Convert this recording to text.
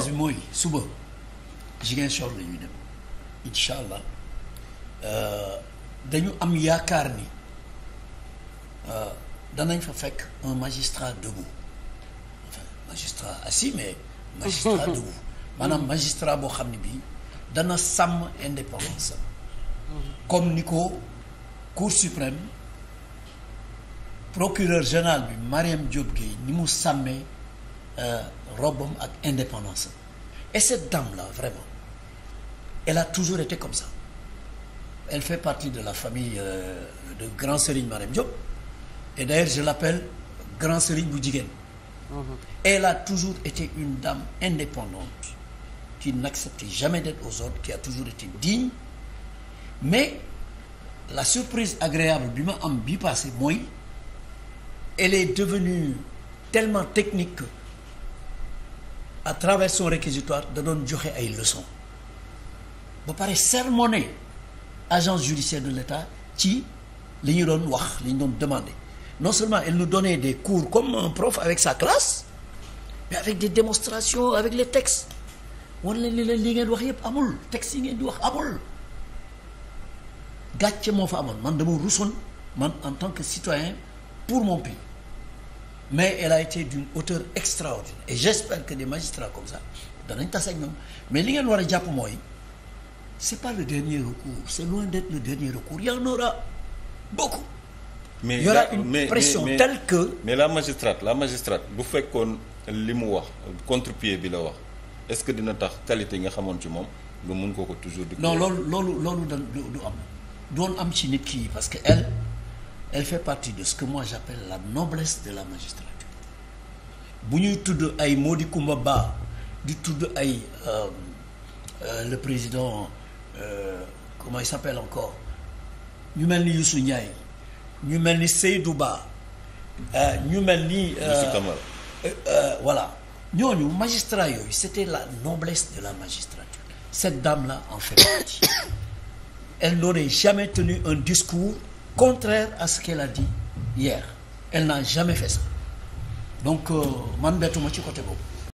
mooy suba Ziguinchor la ñuy dem incha allah dañu am yaakaar ni danañ fa fekk un magistrat debout magistrat assis magistrat debout maanaam magistrat boo xam ne bi dana sàmm indépendance comme ni ko cour suprême procureur général bi Mariam Diop ni mu sàmmee euh, robbam ak indépendance et cette dame là vraiment elle a toujours été comme ça elle fait partie de la famille euh, de Grand Serigne Marème Diop et d'ailleurs je l'appelle Grand Serigne bu jigéen mhm. elle a toujours été une dame indépendante qui n'acceptait jamais d'être aux autres qui a toujours été digne mais la surprise agréable bi ma am bi passé mooy elle est devenue tellement technique à travers son réquisitoire da doon joxe ay leçons ba pare sermonné agence judiciaire de l'État ci li ñu doon wax li ñu doon demandé non seulement elle nous donnait des cours comme un prof avec sa classe mais avec des démonstrations avec les textes wan leen li leen li ngeen wax yëpp amul textes yi ngeen di wax amul gàcce moo fa amoon man dama rusoon man en tant que citoyen pour mon pays mais elle a été d'une hauteur extraordinaire et j'espère que des magistrats comme ça danañ tase ak ñoom mais li ngeen war a jàpp mooy c'est pas le dernier recours c'est loin d'être le dernier recours il y bokk mais il y une mais, pression mais, mais, telle que. mais la magistrate la magistrate bu fekkoon li mu wax contre-pied bi la wax est-ce que dina tax qualité yi nga xamoon ci moom nga mën koo ko toujours. di non loolu loolu loolu da du am doon am ci nit kii parce que elle fait partie de ce que moi j'appelle la noblesse de la magistrature bu ñuy tudd ay Mody Coumba Ba di tudd ay euh, euh, le président euh, comment il s'appelle encore ñu mel ni Youssou Ndiaye ñu mel ni Seydou Ba euh, ñu mel ni voilà ñooñu magistrat yooyu c'était la noblesse de la magistrature cette dame là en fait partie elle n'aurait jamais tenu un discours contraire à ce qu'elle a dit hier elle n'a jamais fait ça donc euh, man bettuma ci côté boobu